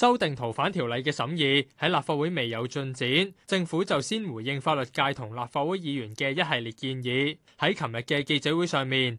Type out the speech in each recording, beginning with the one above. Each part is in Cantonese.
修訂逃犯條例嘅審議喺立法會未有進展，政府就先回應法律界同立法會議員嘅一系列建議，喺琴日嘅記者會上面。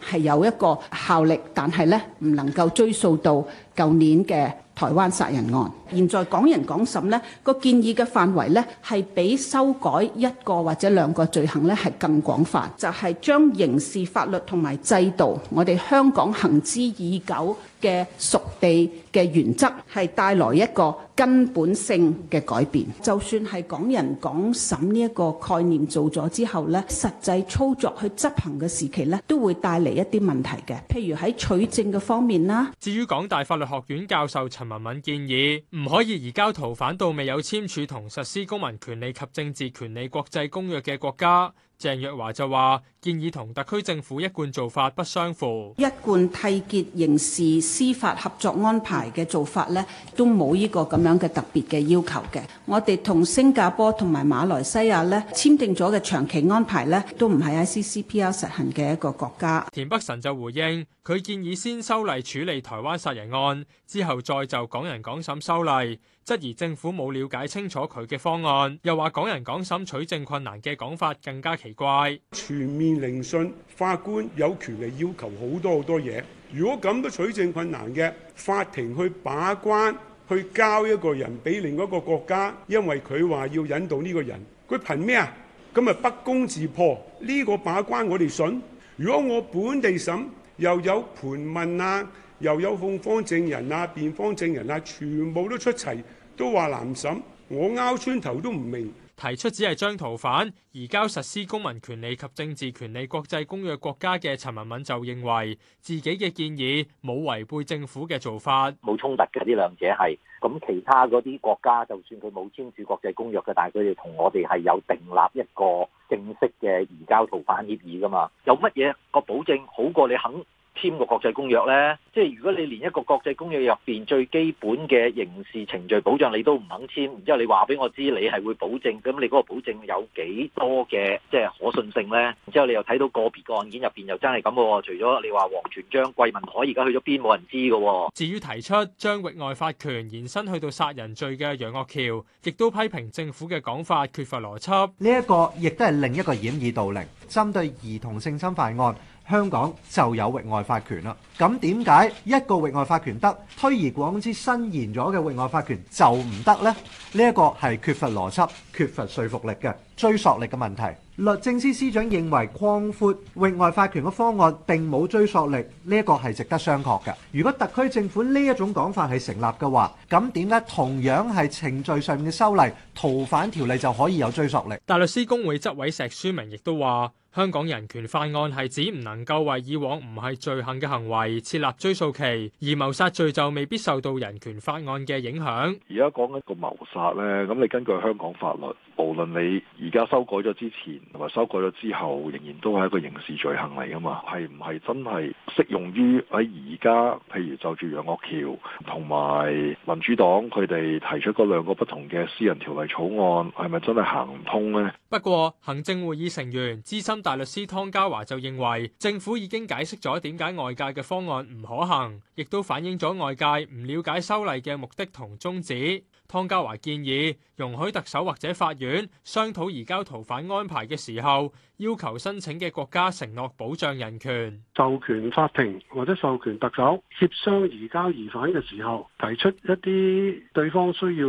係有一個效力，但係咧唔能夠追溯到舊年嘅。台灣殺人案，現在港人港審呢、呢個建議嘅範圍呢係比修改一個或者兩個罪行係更廣泛，就係、是、將刑事法律同埋制度，我哋香港行之已久嘅屬地嘅原則係帶來一個根本性嘅改變。就算係港人港審呢一個概念做咗之後呢，實際操作去執行嘅時期呢都會帶嚟一啲問題嘅，譬如喺取證嘅方面啦。至於港大法律學院教授陳。文文建議唔可以移交逃犯到未有簽署同實施《公民權利及政治權利國際公約》嘅國家。鄭若驊就話建議同特區政府一貫做法不相符，一貫締結刑事司法合作安排嘅做法呢，都冇呢個咁樣嘅特別嘅要求嘅。我哋同新加坡同埋馬來西亞呢簽訂咗嘅長期安排呢，都唔係喺 ICCPR 實行嘅一個國家。田北辰就回應，佢建議先修例處理台灣殺人案，之後再就港人港審修例，質疑政府冇了解清楚佢嘅方案，又話港人港審取證困難嘅講法更加奇怪，全面聆訊，法官有權嚟要求好多好多嘢。如果咁都取證困難嘅，法庭去把關，去交一個人俾另一個國家，因為佢話要引渡呢個人，佢憑咩啊？咁咪不攻自破。呢個把關我哋信。如果我本地審，又有盤問啊，又有控方證人啊、辯方證人啊，全部都出齊，都話難審，我拗穿頭都唔明。提出只係將逃犯移交實施公民權利及政治權利國際公約國家嘅陳文敏就認為，自己嘅建議冇違背政府嘅做法，冇衝突嘅。呢兩者係咁，其他嗰啲國家就算佢冇簽署國際公約嘅，但係佢哋同我哋係有訂立一個正式嘅移交逃犯協議㗎嘛，有乜嘢個保證好過你肯？簽個國際公約呢，即係如果你連一個國際公約入面最基本嘅刑事程序保障你都唔肯簽，然之後你話俾我知你係會保證，咁你嗰個保證有幾多嘅即係可信性呢？然之後你又睇到個別案件入面又真係咁喎，除咗你話王全璋、桂民海而家去咗邊，冇人知嘅喎、哦。至於提出將域外法權延伸去到殺人罪嘅楊岳橋，亦都批評政府嘅講法缺乏邏輯。呢、這、一個亦都係另一個掩耳盜鈴，針對兒童性侵犯案。香港就有域外法權啦，咁點解一個域外法權得，推而廣之伸延咗嘅域外法權就唔得呢？呢一個係缺乏邏輯、缺乏說服力嘅追溯力嘅問題。律政司司長認為擴闊域外法權嘅方案並冇追溯力，呢一個係值得商榷嘅。如果特區政府呢一種講法係成立嘅話，咁點解同樣係程序上面嘅修例，逃犯條例就可以有追溯力。大律師公會執委石書明亦都話：香港人權法案係指唔能夠為以往唔係罪行嘅行為設立追訴期，而謀殺罪就未必受到人權法案嘅影響。而家講緊個謀殺呢，咁你根據香港法律，無論你而家修改咗之前。同埋修改咗之後，仍然都係一個刑事罪行嚟㗎嘛？係唔係真係適用於喺而家？譬如就住楊岳橋同埋民主黨佢哋提出嗰兩個不同嘅私人條例草案，係咪真係行唔通呢？不過，行政會議成員資深大律師湯家驊就認為，政府已經解釋咗點解外界嘅方案唔可行，亦都反映咗外界唔了解修例嘅目的同宗旨。湯家驊建議容許特首或者法院商討移交逃犯安排嘅時候要求申請嘅國家承諾保障人權，授權法庭或者授權特首協商移交疑犯嘅時候，提出一啲對方需要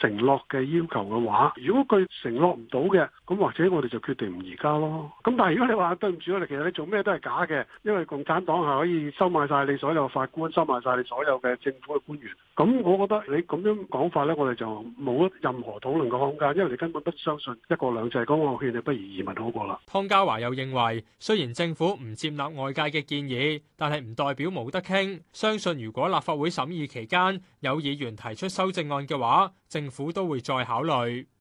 承諾嘅要求嘅話，如果佢承諾唔到嘅，咁或者我哋就決定唔移交咯。咁但係如果你話對唔住我哋，其實你做咩都係假嘅，因為共產黨係可以收買晒你所有法官，收買晒你所有嘅政府嘅官員。咁我覺得你咁樣講法呢，我哋就冇任何討論嘅空間，因為你根本不相信一國兩制，所以我勸你不如。湯家驊又認為，雖然政府唔接納外界嘅建議，但係唔代表冇得傾。相信如果立法會審議期間有議員提出修正案嘅話，政府都會再考慮。